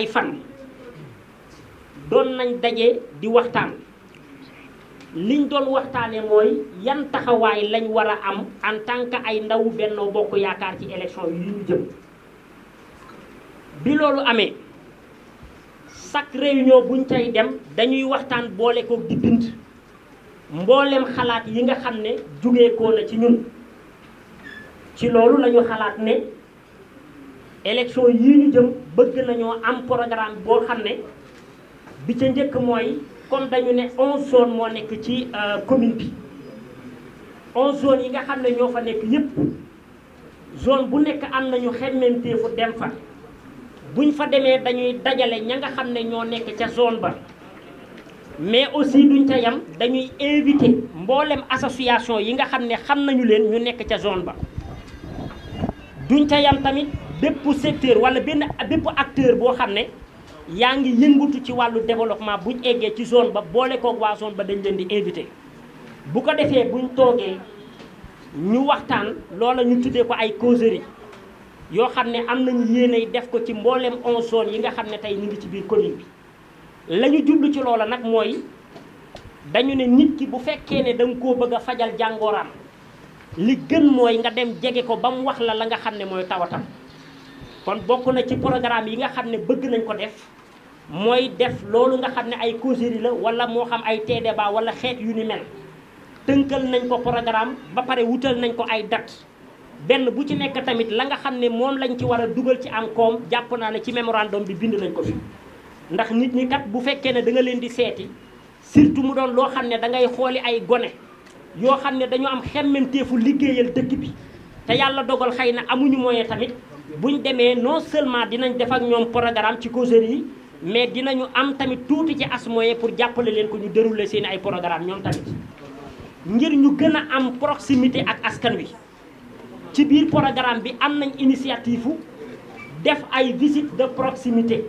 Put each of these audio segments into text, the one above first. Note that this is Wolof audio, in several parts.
ay fan doon nañ daje di waxtaan liñ doon waxtaane mooy yan taxawaay lañ war a am en ay ndaw Benno Bokk Yaakaar ci élection yi ñu jëm bi loolu amee chaque réunion buñ cay dem dañuy waxtaan boole ko di bind mboolem xalaat yi nga xam ne jugeekoo na ci ñun ci loolu lañu xalaat ne élection yii ñu jëm bëgg nañoo am programme boo xam ne bi ca njëkk mooy comme dañu ne onze sone moo nekk ci euh, commune bi onze zones yi nga xam ne ñoo fa nekk yépp zone bu nekk am nañu xemmeemteefu dem fa buñ fa demee dañuy dajale ña nga xam ne ñoo nekk ca zone ba mais aussi duñ ca yam dañuy invité mboolem association yi nga xam ne xam nañu leen ñu nekk ca zone ba duñ ca yam tamit bépp secteur wala benn bépp acteur boo xam ne yaa ngi yëngatu ci wàllu développement buñ eggee ci zone ba boole koog waa zone ba dañ leen di invité bu ko defee buñ toogee ñu waxtaan loola ñu tuddee ko ay causerie yoo xam ne am nañu yéenay def ko ci mbooleem on zones yi nga xam ne tey ñu ngi ci biir commune bi la ñu jublu ci loola nag mooy dañu ne nit ki bu fekkee ne da koo bëgg a fajal jàngooram li gën mooy nga dem jege ko ba mu wax la la nga xam ne mooy tawatam kon bokk na ci programme yi nga xam ne bëgg nañ ko def mooy def loolu nga xam ne ay causerie la wala moo xam ay tee débat wala xeet yu ni mel tënkal nañ ko programme ba pare wutal nañ ko ay date benn bu ci nekk tamit la nga xam ne moom lañ ci war a dugal ci am koom jàpp naa ne ci mémorandum bi bind nañ ko fi ndax nit ñi kat bu fekkee ne da nga leen di seeti surtout mu doon loo xam ne da ngay xooli ay gone yoo xam ne dañoo am xemmanteefu liggéeyal dëkk bi te yàlla dogal xëy na amuñu moyen tamit buñ demee non seulement dinañ def ak ñoom programme ci causerie yi mais dinañu am tamit tuuti ci as moyen pour jàppale leen ko ñu dérouler seen ay programme ñoom tamit ngir ñu gën a am proximité ak askan wi ci biir programme bi am nañ initiative fu def ay visite de proximité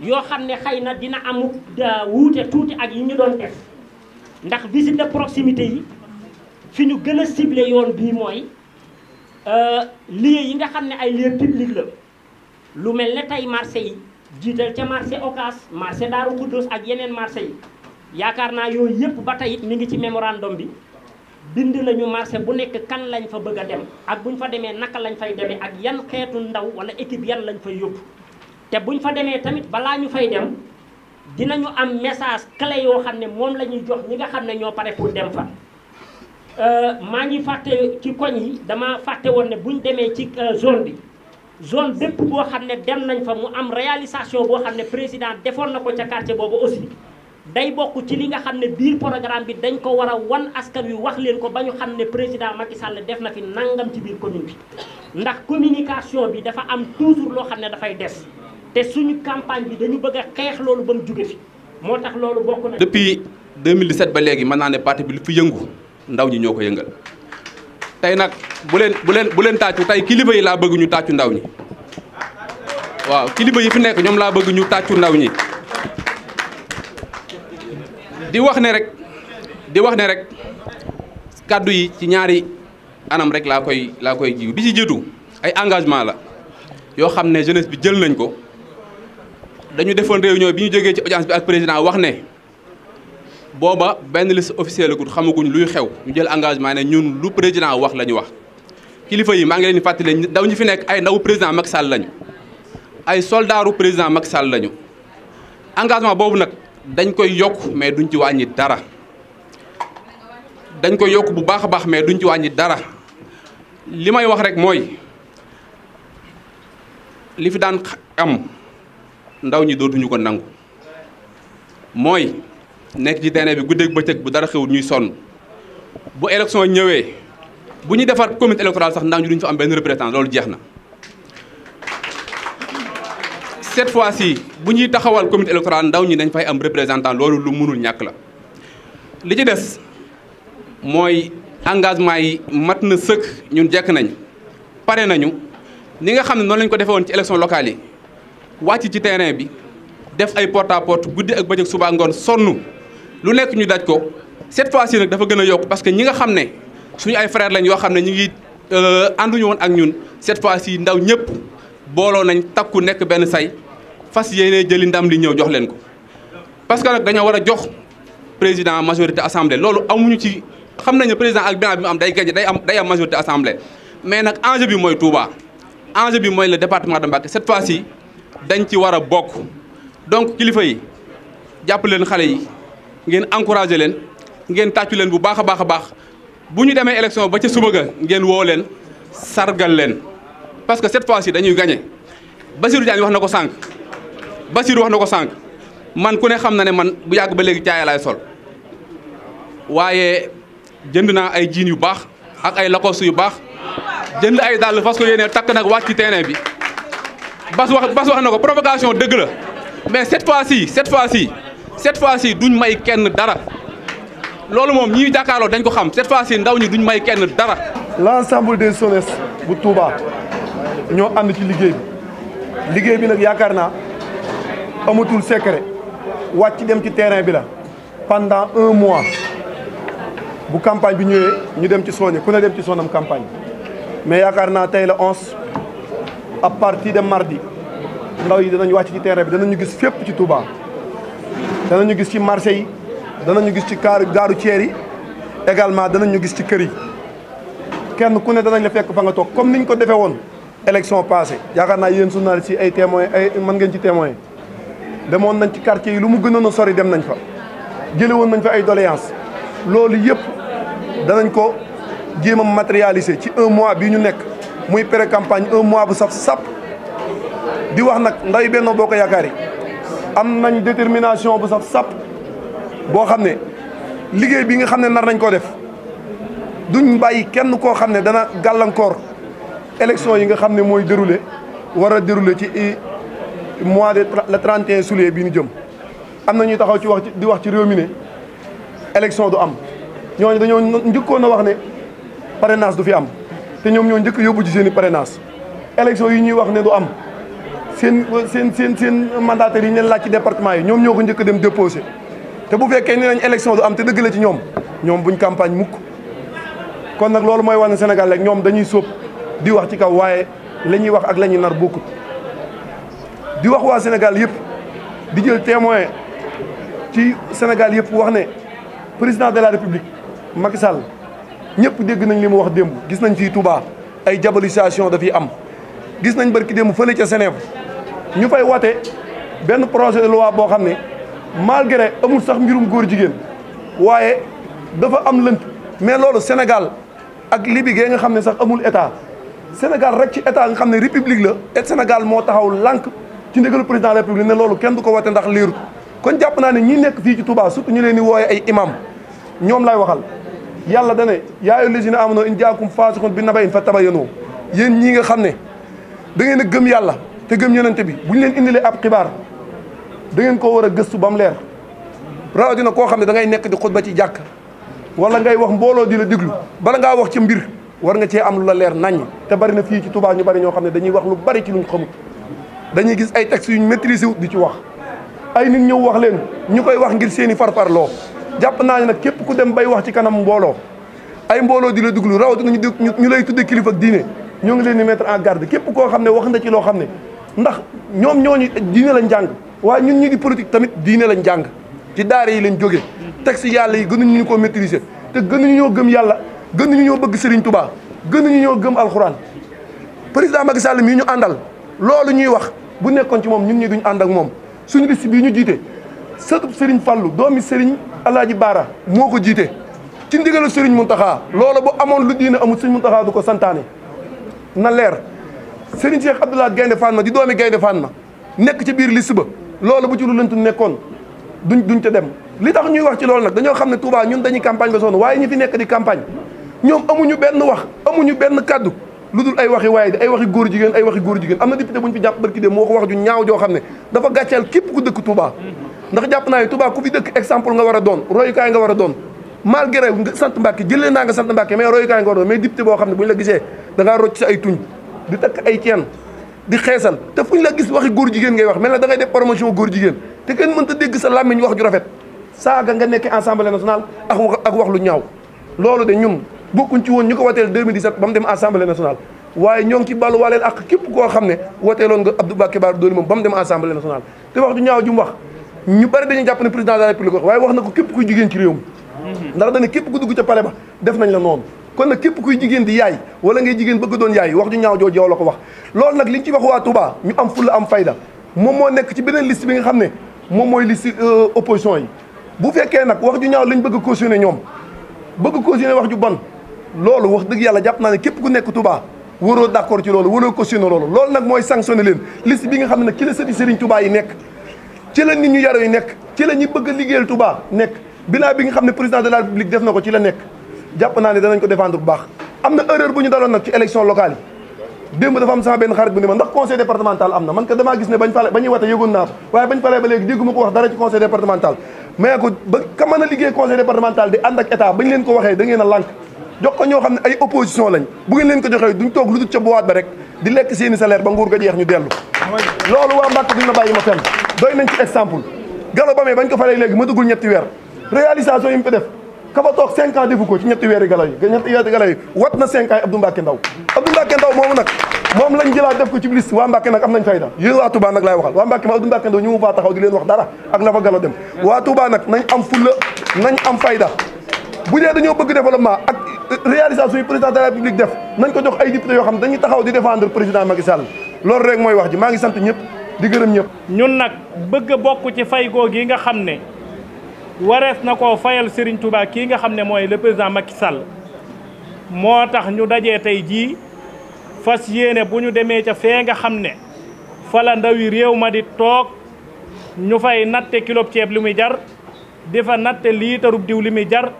yoo xam ne xëy na dina am wuute tuuti ak yi ñu doon def ndax visite de proximité yi fi ñu gën a ciblé yoon bii mooy Euh, lieux yi nga xam ne ay lieux publics la lu mel ne tey marché yi jiital ca marché Ocass marché Daaru Xuddoos ak yeneen marché yi yaakaar naa yooyu yëpp ba tey it ngi ci mémorandum bi bind nañu marché bu nekk kan lañ fa bëgg a dem ak bu ñu fa demee naka lañ fay demee ak yan xeetu ndaw wala équipe yan lañ fay yóbbu te bu ñu fa demee tamit balaa ñu fay dem dinañu am message clé yoo xam ne moom la ñuy jox ñi nga xam ne ñoo pare pour dem fa Euh, maa ngi fàtte ci koñ yi dama fàtte woon ne buñ demee ci euh, zone bi zone bépp boo xam ne dem nañ fa mu am réalisation boo xam ne président defoon na ko ca quartier boobu aussi day bokk ci li nga xam ne biir programme bi dañ ko war a wan askan wi wax leen ko ba ñu xam ne président Macky Sall def na fi nangam ci biir commune bi ndax communication bi dafa am toujours loo xam ne dafay des te suñu campagne bi dañu bëgg a xeex loolu ba mu jóge fi moo tax loolu bokk na depuis 2017 ba léegi mën naa ne parti bi lu fi yëngu ndaw ñi ñoo ko yëngal tey nag bu leen bu leen bu tàccu tey kilifa yi laa bëgg ñu tàccu ndaw ñi waaw kilifa yi fi nekk ñoom laa bëgg ñu tàccu ndaw ñi di wax ne rek di wax ne rek kàddu yi ci ñaari anam rek laa koy laa koy jiw bi ci jiitu ay engagement la yoo xam ne jeunesse bi jël nañ ko dañu defoon réunion bi ñu jógee ci audience bi ak président wax ne booba benn liste officielle la gudd xamaguñ luy xew ñu jël engagement ne ñun lu président wax la ñu wax kilifa yi maa ngi leen di ne ndaw ñu fi nekk ay ndaw président Macky Sall lañu ay soldaaru président Macky Sall lañu engagement boobu nag dañ koy yokk mais duñ ci wàññi dara dañ koy yokk bu baax a baax mais duñ ci wàññi dara li may wax rek mooy li fi daan am ndaw ñi dootuñu ko nangu mooy nekk ci terrain bi guddeeg bëccëg bu dara xewul ñuy sonn bu élection ñëwee bu ñu defar comité électoral sax ndax ñu duñ fa am benn représentant loolu jeex na. cette fois-ci bu ñuy taxawal comité électoral ndaw ñi dañ fay am représentant loolu lu mënul ñàkk la li ci des mooy engagement yi mat na sëkk ñun jekk nañ pare nañu ni nga xam ne noonu lañu ko defee woon ci élection locale yi wàcc ci terrain bi def ay porte à porte ak bëccëg suba ngoon lu nekk ñu daj ko cette fois ci nag dafa gën a yokk parce que ñi nga xam ne suñu ay frères lañ yoo xam ne ñu ngi euh, ànduñu woon ak ñun cette fois ci ndaw ñëpp booloo nañ takku nekk benn say fas yéene jëli ndam li ñëw jox leen ko. parce que nag dañoo war a jox président majorité assemblée loolu amuñu ci xam nañu président ak bilan bi mu am day gañe day am day am majorité assemblée mais nag enjeu bi mooy Touba enjeu bi mooy le département de Mbacké cette fois ci dañ ci war a bokk donc kilifa yi jàpp leen xale yi. ngeen encouragé leen ngeen tàccu leen bu baax a baax a baax bu ñu demee élection ba ca suba ga ngeen woo leen sargal leen parce que cette fois dañuy gagné Bassirou Diagne wax na ko sànq Bassirou wax na ko sànq man ku ne xam na ne man bu yàgg ba léegi caaya laay sol waaye jënd naa ay jiin yu baax ak ay lacoste yu baax jënd ay dàll fas ko yéene takk nag wàcc ci terrain bi bas wax bas wax na ko provocation dëgg la mais cette fois-ci cette fois-ci cette fois-ci duñ may kenn dara loolu moom ñi jàkkaarloo dañ ko xam cette fois-ci ndaw ñi duñ may kenn dara. l'ensemble des SONES bu Touba ñoo ànd ci liggéey bi liggéey bi nag yaakaar naa amatul secret wàcc dem ci terrain bi la pendant un mois bu campagne bi ñëwee ñu dem ci soñe ku ne dem ci sonam campagne mais yaakaar naa tey la onze à partir de mardi ndaw yi danañ wàcc ci terrain bi danañu gis fépp ci Touba. dana ñu gis ci marché yi ñu gis ci kaaru gaaru ceer yi également ñu gis ci kër yi kenn ku ne danañ ñu fekk fa nga toog comme niñ ko defee woon élection passée yaakaar naa yéen journalistes si ay témoin ay mën ngeen ci témoin demoon nañ ci quartier yi lu mu gënoon a sori dem nañ fa jële woon nañ fa ay doléance loolu yëpp danañ ko jéem a matérialiser ci un mois bii ñu nekk muy pré campagne un mois bu saf sap di wax nag ndaw yi boo ko Yaakaar am nañ détermination bu saf sap boo xam ne liggéey bi nga xam ne nar nañ koo def duñ bàyyi kenn koo xam ne dana gàllankoor élection yi nga xam ne mooy déroulé war a déroulé ci mois de le 31 juillet bi ñu jëm am na ñuy taxaw ci wax di wax ci réew mi ne élection du am ñooñu dañoo njëkkoon a wax ne pare parrainage du fi am te ñoom ñoo njëkk yóbbu ci seen i parrainage élection yi ñuy wax ne du am seen seen seen seen mandataires yi ñu laaj ci département yi ñoom ñoo ko njëkk dem déposé te bu fekkee ne nañ élection du am te dëgg la ci ñoom ñoom buñ campagne mukk kon nag loolu mooy wane Sénégal rek ñoom dañuy soob di wax ci kaw waaye la ñuy wax ak la ñuy nar bokkut di wax waa Sénégal yëpp di jël témoin ci Sénégal yëpp wax ne président de la République Macky Sall ñëpp dégg nañ li mu wax démb gis nañ fii Touba ay diabolisation dafiy am gis nañ barki démb fële ca Sénégal ñu fay wate benn projet de loi boo xam ne malgré amul sax mbirum góor jigéen waaye dafa am lënt mais loolu Sénégal ak Libye gee nga xam ne sax amul état Sénégal rek ci état nga xam ne république la et Sénégal moo taxaw lànk ci ndigalu président de la république ne loolu kenn du ko wate ndax liirut kon jàpp naa ne ñi nekk fii ci Touba surtout ñu leen di wooye ay imam ñoom lay waxal yàlla dane yaayu légina amonoo in jaakum faasixun bi nabayin fa tabayanoo yéen ñii nga xam ne da ngeen a gëm yàlla te gëm yonente bi bu ñu leen indilee ab xibaar da ngeen koo war a gëstu ba mu leer rawatina koo xam ne da ngay nekk di xutba ci jàkk wala ngay wax mbooloo di la déglu bala ngaa wax ci mbir war nga cee am lu la leer naññ te bari na fii ci Touba ñu bari ñoo xam ne dañuy wax lu bari ci luñ xamut dañuy gis ay textes yuñ maîtrisé wut di ci wax ay nit ñëw wax leen ñu koy wax ngir seen i farfarloo jàpp naa ne nag képp ku dem bay wax ci kanam mbooloo ay mbooloo di la déglu rawatina ñu ñu lay tudde kilifa ak ñoo ngi leen mettre en képp koo xam ne wax na ci loo xam ne ndax ñoom ñooñu diine lañ jàng waaye ñun ñi di politique tamit diine lañ jàng ci daara yi lañ jóge texte yàlla yi gënuñu ñu ko maîtriser te gënuñu ñoo gëm yàlla gënuñu ñoo bëgg Serigne Touba gënuñu ñoo gëm alxuraan président Macky Sall mii ñu àndal loolu ñuy wax bu nekkoon ci moom ñun ñi duñ ànd ak moom suñu liste bii ñu jiite sëtub Serigne Fallou doomi Serigne Alaaji Baara moo ko jiite ci ndigalu Serigne Mountakha loolu bu amoon lu diine amul Serigne Mountakha du ko santaane na leer Serigne Cheikh Abdou Lahad Gaynde Fatma di doomi Gaynde Fatma nekk ci biir liste ba loolu bu ci lu lëntu nekkoon duñ duñ ca dem li tax ñuy wax ci loolu nag dañoo xam ne Touba ñun dañu campagne ba sonn waaye ñi fi nekk di campagne ñoom amuñu benn wax amuñu benn kaddu lu dul ay waxi waaye di ay waxi góor jigéen ay waxi góor jigéen am na député bu ñu fi jàpp barki dem mu wax wax ju ñaaw joo xam ne dafa gàcceel képp ku dëkk Touba ndax jàpp naa ne Touba ku fi dëkk exemple nga war a doon a doon malgré sant Mbàkke jëlee naa nga sant Mbàkke mais royukaay a tuñ di takk ay ceen di xeesal te fu ñu la gis waxi góor jigéen ngay wax mel na da ngay def promotion góor jigéen te kenn mënta dégg sa làmmiñ wax ju rafet saaga nga nekk assemblée nationale ak wax lu ñaaw loolu de ñun bokkuñ ci woon ñu ko wateel 2017 ba mu dem assemblée nationale waaye ñoo ngi ci bàllu waaleel ak képp koo xam ne wateeloon nga Abdou Bakké Bara Dolly moom ba mu dem assemblée nationale te wax ju ñaaw ju mu wax ñu bari dañuy jàpp ne président de wax na ko képp kuy jigéen ci réew mi ndax dañ ne képp ku dugg ca palais ba def la noonu kon nag képp kuy jigéen di yaay wala ngay jigéen bëgg doon yaay wax ju ñaaw jooju yow la ko wax loolu nag li ci wax waa Touba ñu am fulla am fayda moom moo nekk ci beneen liste bi nga xam ne moom mooy liste euh, opposition yi bu fekkee nag wax ju ñaaw lañ bëgg cautionné ñoom bëgg cautionné wax ju bon loolu wax dëgg yàlla jàpp naa ne képp ku nekk Touba waroo d'accord ci loolu waroo cautionné loolu loolu nag mooy sanctionné leen liste bi nga xam ne nag ci la sëti Serigne yi nekk ci la nit ñu yaru yi nekk ci la ñuy bëgg a liggéeyal nekk bilan bi nga xam ne président de la République def na ko ci la nekk jàpp naa ne danañ ko défendre bu baax am na erreur bu ñu daloon nag ci élection locale yi démb dafa am sama benn xarit bu ne ma ndax conseil départemental am na man ko damaa gis ne bañ fale ba ñuy wate yëgoon waaye bañ falee ba léegi dégguma ko wax dara ci conseil départemental mais ko ba ka mën a liggéey conseil départemental di ànd ak état bañ leen ko waxee da ngeen a lànk jox ko ñoo xam ne ay opposition lañ bu ngeen leen ko joxee duñ toog lu dul ba ko falee léegi ma duggul ñetti weer réalisation yi mu fi def ka fa toog cinq ans defu ko ci ñetti weeri gala yi ñetti weeri gala wat na cinq ans yi Abdou Mbacke Ndaw Abdou Mbacke Ndaw moomu nag moom lañ jëlaat def ko ci liste waa Mbacke nag am nañ fayda yéen waa Touba nag laay waxal waa Mbacke ma Abdou Mbacke Ndaw ñu mu faa taxaw di leen wax dara ak la fa gala dem waa Touba nag nañ am fulla nañ am fayda bu dee dañoo bëgg développement ak réalisation yi président de la def nañ ko jox ay député yoo xam dañuy taxaw di défendre président nga xam ne warees na ko fayal Serigne Touba kii nga xam ne mooy le président Macky Sall moo tax ñu dajee tey jii fas yéene bu ñu demee ca fee nga xam ne fa ndawi réew ma di toog ñu fay natte kilo ceeb li muy jar di fa natte liitarub diw li muy jar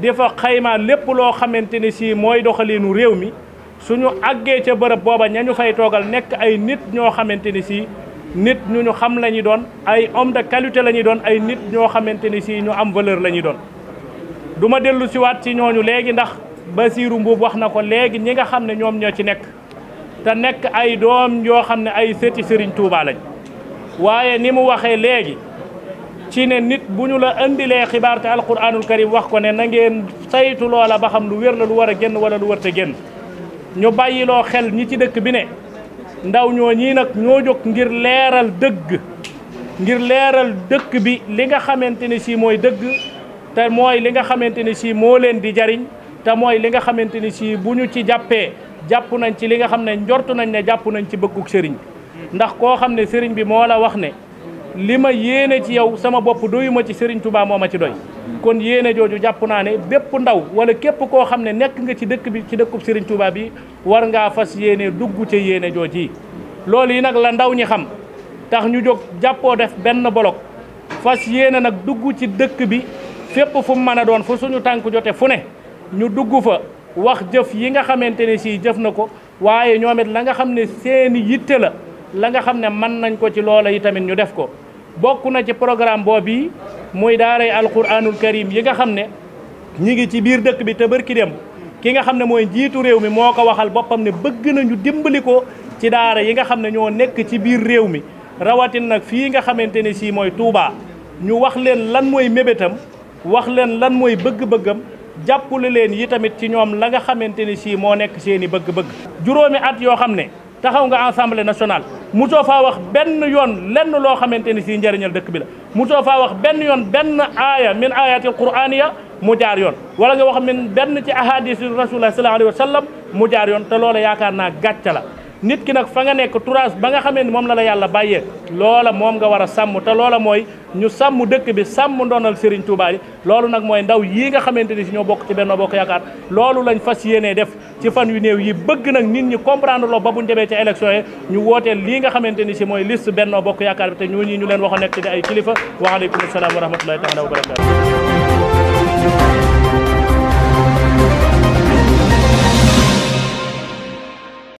di fa xayma lépp loo xamante ni si mooy doxaliinu réew mi suñu àggee ca bërëb booba ña ñu fay toogal nekk ay nit ñoo xamante ni si nit ñu ñu xam la doon ay om de qualité la doon ay nit ñoo xamante ni sii ñu am valeur la ñuy doon duma dellu siwaat ci ñooñu léegi ndax Basiiru Mbuub wax na ko léegi ñi nga xam ne ñoom ñoo ci nekk te nekk ay doom yoo xam ne ay sëti Sëriñ Tuubaa lañ waaye ni mu waxee léegi ci ne nit bu ñu la indilee xibaar te alquranul karim wax ko ne na ngeen saytu loola ba xam lu wér la lu war a génn wala lu wërte génn ñu bàyyiloo xel ñi ci dëkk bi ne ndaw ñoo ñii nag ñoo jóg ngir leeral dëgg ngir leeral dëkk bi li nga xamante ne sii mooy dëgg te mooy li nga xamante ne si moo leen di jariñ te mooy li nga xamante ne si bu ñu ci jàppee jàpp nañ ci li nga xam ne njortu nañ ne jàpp nañ ci bëgguk sëriñ ndax koo xam ne sëriñ bi moo la wax ne li ma yéene ci yow sama bopp doyuma ci sëriñ Tuubaa moo ma ci doy kon yéene jooju jàpp naa ne bépp ndaw wala képp koo xam ne nekk nga ci dëkk bi ci dëkku Serigne Touba yi war ngaa fas yéene dugg ca yéene jooju yi loolu yi nag la ndaw ñi xam tax ñu jóg jàppoo def benn bolok fas yéene nag dugg ci dëkk bi fépp fu mën a doon fu suñu tànk jote fu ne ñu dugg fa wax jëf yi nga xamante ne sii jëf na ko waaye ñoom it la nga xam ne seeni yitte la la nga xam ne mën nañ ko ci loola yi tamit ñu def ko bokk na ci programme boobu muy daaray alquranul karim yi nga xam ne ñi ngi ci biir dëkk bi te bërki dem ki nga xam ne mooy njiitu réew mi moo ko waxal boppam ne bëgg nañu dimbali ko ci daara yi nga xam ne ñoo nekk ci biir réew mi rawatin nag fii nga xamante ne sii mooy Touba ñu wax leen lan mooy mébétam wax leen lan mooy bëgg-bëggam jàppale leen yi tamit ci ñoom la nga xamante ne sii moo nekk seen i bëgg-bëgg. juróomi at yoo xam ne taxaw nga assemblée nationale. musoo faa wax benn yoon lenn loo xamante ni si njariñal dëkk bi la musoo faa wax benn yoon benn aaya min ayatil quraniya mu jaar yoon wala nga wax min benn ci ahadis rasulullah sallallahu alayhi wa sallam mu jaar yoon te loola yaakaar naa gàcca la nit ki nag fa nga nekk turaas ba nga xamee ni moom la la yàlla bàyyee loola moom nga war a sàmm te loola mooy ñu sàmm dëkk bi sàmm ndonal Serigne Touba yi loolu nag mooy ndaw yii nga xamante ni si ñoo bokk ci Benno Bokk Yaakaar loolu lañ fas yéenee def ci fan yu néew yi bëgg nag nit ñi comprendre loo ba bu ñu demee ca élection yi ñu wooteel lii nga xamante ni si mooy liste Benno Bokk Yaakaar bi te ñoo ñi ñu leen waxoon nekk di ay kilifa waaleykum salaam wa rahmatullahi taala wa barakatu